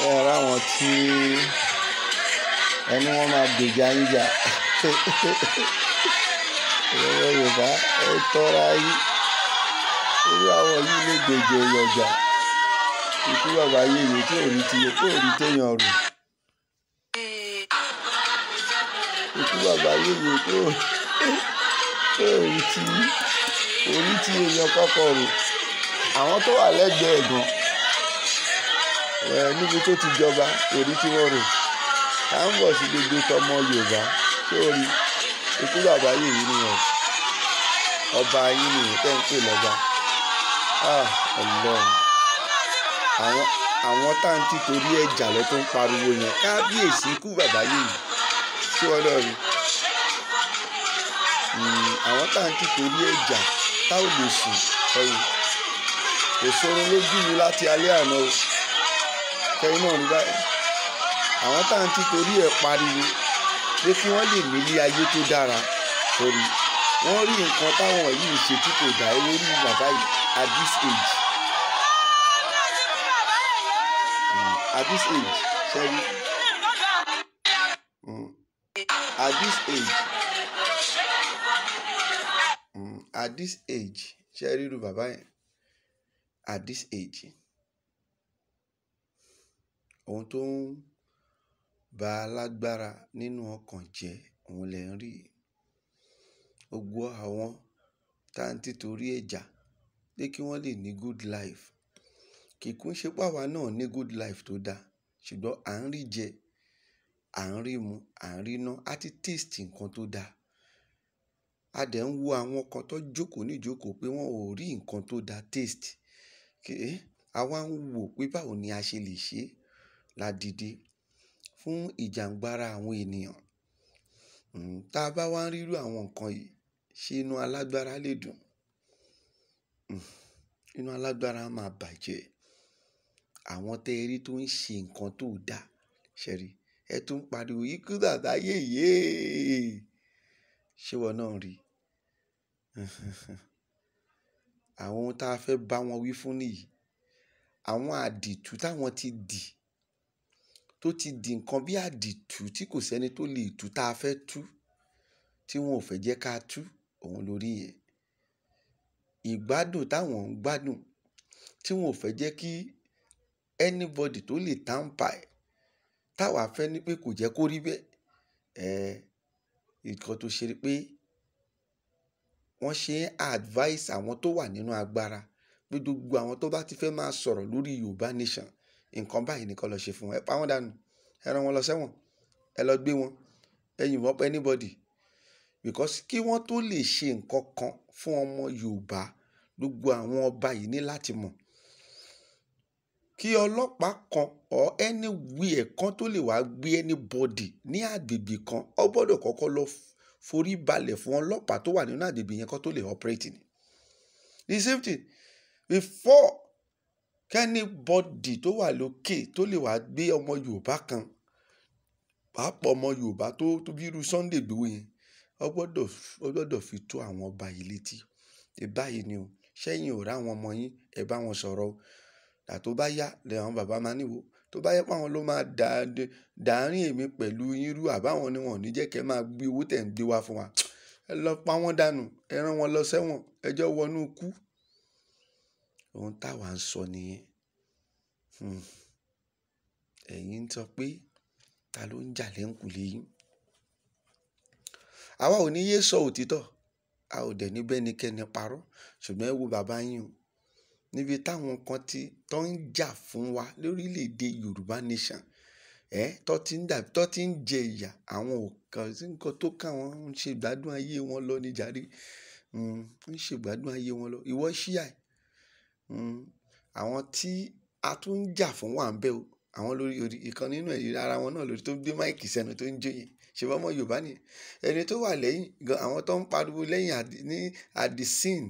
ẹ ara wọn tí ẹni wọn máa gbèjà ń jà ìrọ̀lẹ́ yorùbá ẹ tọ́ra yìí irú àwọn yìí lè gbèjò ìyọ̀jà ikú bàbá yèyé tí ò rí tiye tí ò rí téèyàn rò ikú bàbá yèyé tí ò rí tiye orí tí èèyàn kọ́kọ́ rò àwọn tó wà lẹ́gbẹ̀ẹ́ gan níbi tó ti jọba èrí tí wọ́n rò à ń bọ̀ sí gbogbo tọmọ yorùbá sórí ikú bàbá yìí nìyẹn ọba yín nìyẹn tẹ́ ń pè lọ́ba ah, ọlọ́run àwọn táǹtì torí ẹ̀jà lọ tó ń pariwo yẹn kábíyèsí ikú bàbá yìí sí ọlọ́run hmm, àwọn táǹtì torí ẹ̀jà táwọn lè sùn ẹ̀wò kò sórun lójú mi láti alẹ́ àná o kẹrin náà rí báyìí àwọn tá à ń ti torí ẹ̀ pariwo pé kí wọ́n lè nílé ayé tó dára torí wọ́n rí nǹkan táwọn yìí ń ṣe tí kò dá ewé ní bàbá yìí at this age hmm, at this age ṣẹ́rí hmm, at this age hmm, at this age ṣẹ́rí irú bàbá yẹn at this age ohun tó ń ba alágbára nínú ọkàn jẹ́ òun lẹ̀ ń rí yìí. Gbogbo àwọn tá ń tìtorí ẹ̀ jà pé kí wọ́n lè ní good life. Kìkún ṣe pé àwa náà ní good life tó da, ṣùgbọ́n à ń rí jẹ, à ń rí mu, à ń rí ná, a ti taste nǹkan tó da. A dẹ̀ ń wo àwọn kan tó jókòó ní ìjókòó pé wọ́n ò rí nǹkan tó da taste. Àwa ń wò pé báwo ni a ṣe lè ṣe la dìde fún ìjàǹgbara àwọn ènìyàn. Hmm, tá a bá wá ń rírú àwọn nǹkan yìí, ṣé inú alágbára lè dùn? Hmm, inú alágbára a máa bàjẹ́. Àwọn tẹ rí tó ń ṣe nǹkan tó da, ṣẹ̀ rí, ẹ tún ń pariwo ikú dàda yéyé. Ṣé ìwọ náà ń rí? Àwọn ohun ta fẹ́ bá wọn wí fún nìyí. Àwọn àdìtú táwọn ti dì tó ti di nǹkan bí àdìtú tí kò sẹ́ni tó lè tú tá a fẹ́ tú tí wọn ò fẹ́ jẹ́ ká tú òun lórí yẹn. Ìgbádùn táwọn ń gbádùn tí wọn ò fẹ́ jẹ́ kí anybody tó lè tamper ẹ̀ táwa fẹ́ ní pé kò jẹ́ kó rí bẹ́ẹ̀. Ẹ̀ nǹkan tó ṣe ni pé wọ́n ṣe ń advice àwọn tó wà nínú agbára pé gbogbo àwọn tó bá ti fẹ́ máa sọ̀rọ̀ lórí Yorùbá nation nǹkan báyìí nìkan lọ ṣe fún wọn ẹ pa wọn dànù ẹ rán wọn lọ sẹ́wọ̀n ẹ lọ gbé wọn ẹ yìnbọn pa anybody because kí wọ́n tó lè ṣe nǹkan kan fún ọmọ Yorùbá gbogbo àwọn ọba yìí ní láti mọ̀ kí ọlọ́pàá kan or anywhere kan tó lè wá gbé anybody ní àgbègbè kan ó gbọ́dọ̀ kọ́kọ́ lọ forí balẹ̀ fún ọlọ́pàá tó wà nínú àgbègbè yẹn kan tó lè operate ni the same thing before kẹ́nìbọ́dì tó wà lókè tó lè wá gbé ọmọ yorùbá kan pàápàá ọmọ yorùbá tó tó bí irú Sunday Igboho yẹn ó gbọ́dọ̀ fi tó àwọn ọba yìí létí ẹ báyìí ni o ṣẹ́yìn ò ráwọn ọmọ yín ẹ bá wọn sọ̀rọ̀ o àtó bá yá lẹ́yìn bàbá máa níwò tó bá yẹ páwọn ló máa dà dàárín èmi pẹ̀lú yín rú àbáwọn ni wọn ò ní jẹ́ kẹ́ máa gbé owó tẹ̀ ń gbé wá fún wa ẹ lọ pa wọ́n dànù ẹ rán wọn lọ sẹ́wọ̀n ẹjọ́ wọnú kú Ohun táwa ń sọ nìyẹn. Hmm. Ẹ̀yin ń sọ pé ta ló ń jà lẹ́yìnkùlé yín? Àwa ò ní yé sọ òtítọ́, a ò dẹ̀ ní bá ẹnikẹ́ni parọ́. Ṣùgbọ́n ẹ wo bàbá yín o. Níbi táwọn kan ti tó ń jà fún wa lórílẹ̀ èdè Yorùbá nation, ẹ́ tó ti ń dà, tó ti ń jẹ ìyà, àwọn ò kan sí nǹkan tó kàn wọ́n, ń ṣe ìgbádùn ayé wọn lọ ní jàre. Hmm. Ń ṣe ìgbádùn ayé wọn lọ. Ìwọ Shia, Hmm. àwọn tí a tún ń jà fún wà ń bẹ o àwọn lórí orí ìkan nínú ẹ̀yìn ara wọn náà lórí tó gbé máìkì sẹ́nu tó ń jó yẹn ṣe bọ́ ọmọ yorùbá nìyẹn ẹni tó wà lẹ́yìn gan àwọn tó ń pariwo lẹ́yìn ní àdìsín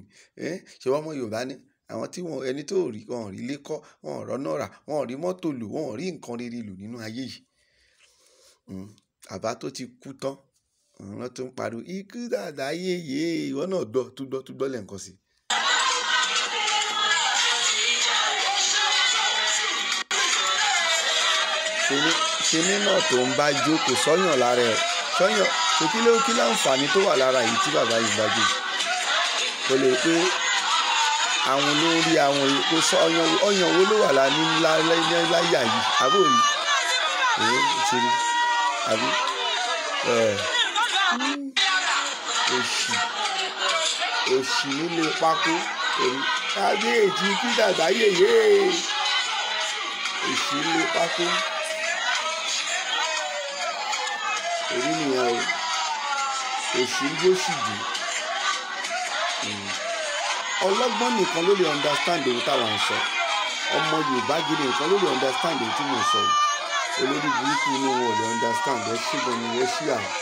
eh, ṣe bọ́ ọmọ yorùbá ni àwọn tí wọn ẹni tó rí wọn rí ilé kọ́ wọn rọ́nà rà wọn rí mọ́tò lò wọn rí nǹkan rere lò nínú ayé yìí hmm. àbá tó ti kú tán wọn tó ń pariwo ikú dàda yéye ìwọ náà gbọ́ tó gbọ́ tó gbọ́ lẹ́ǹkan sí i ṣemí náà tó ń bá jó kò sọ́yàn lára ẹ̀ sọ́yàn kò ló kí láǹfààní tó wà lára yìí tí bàbá yìí bá jó kò lè pé àwọn olórí àwọn kò sọ ọyàn wo ló wà láyà yìí àbórí èyí ti rí àbí òṣì òṣì nílé pákó èyí kábíyèjì kí dàgbà yèyé òṣì nílé pákó. èyí nìyẹn o èṣù ń yóò sì jù hmm. ọlọ́gbọ́n nìkan ló lè understand èyí táwọn ń sọ ọmọ Yorùbá gidi nìkan ló lè understand èyí tí mò ń sọ olórí burúkú inú wọn ò lè understand ẹ ṣùgbọ́n ni wọ́n ṣí àwọn.